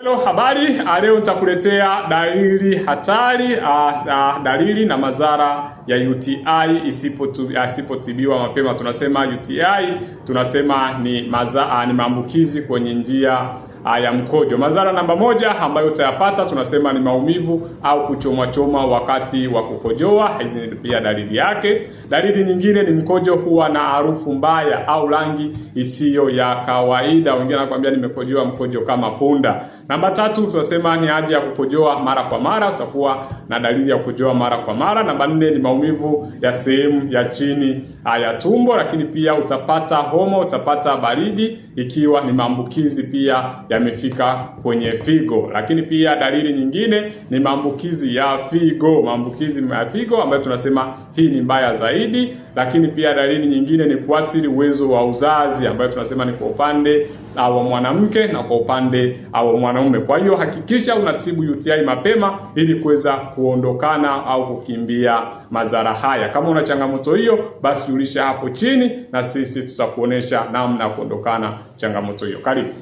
Hello, habari. Ah, leo nitakuletea dalili hatari a, ah, a, ah, dalili na madhara ya UTI isipotibiwa mapema. Tunasema UTI tunasema ni, maza, a, ni maambukizi kwenye njia ya mkojo. Madhara namba moja ambayo utayapata tunasema ni maumivu au kuchomachoma wakati wa kukojoa. Hizi ni pia dalili yake. Dalili nyingine ni mkojo huwa na harufu mbaya au rangi isiyo ya kawaida. Wengine wanakuambia nimekojoa mkojo kama punda. Namba tatu tunasema ni haja ya kukojoa mara kwa mara, utakuwa na dalili ya kukojoa mara kwa mara. Namba nne ni maumivu ya sehemu ya chini ya tumbo, lakini pia utapata homa, utapata baridi ikiwa ni maambukizi pia ya yamefika kwenye figo. Lakini pia dalili nyingine ni maambukizi ya figo, maambukizi ya figo ambayo tunasema hii ni mbaya zaidi. Lakini pia dalili nyingine ni kuathiri uwezo wa uzazi ambayo tunasema ni kwa upande wa mwanamke na kwa upande wa mwanaume. Kwa hiyo hakikisha unatibu UTI mapema ili kuweza kuondokana au kukimbia madhara haya. Kama una changamoto hiyo, basi julisha hapo chini na sisi tutakuonesha namna ya kuondokana changamoto hiyo. Karibu.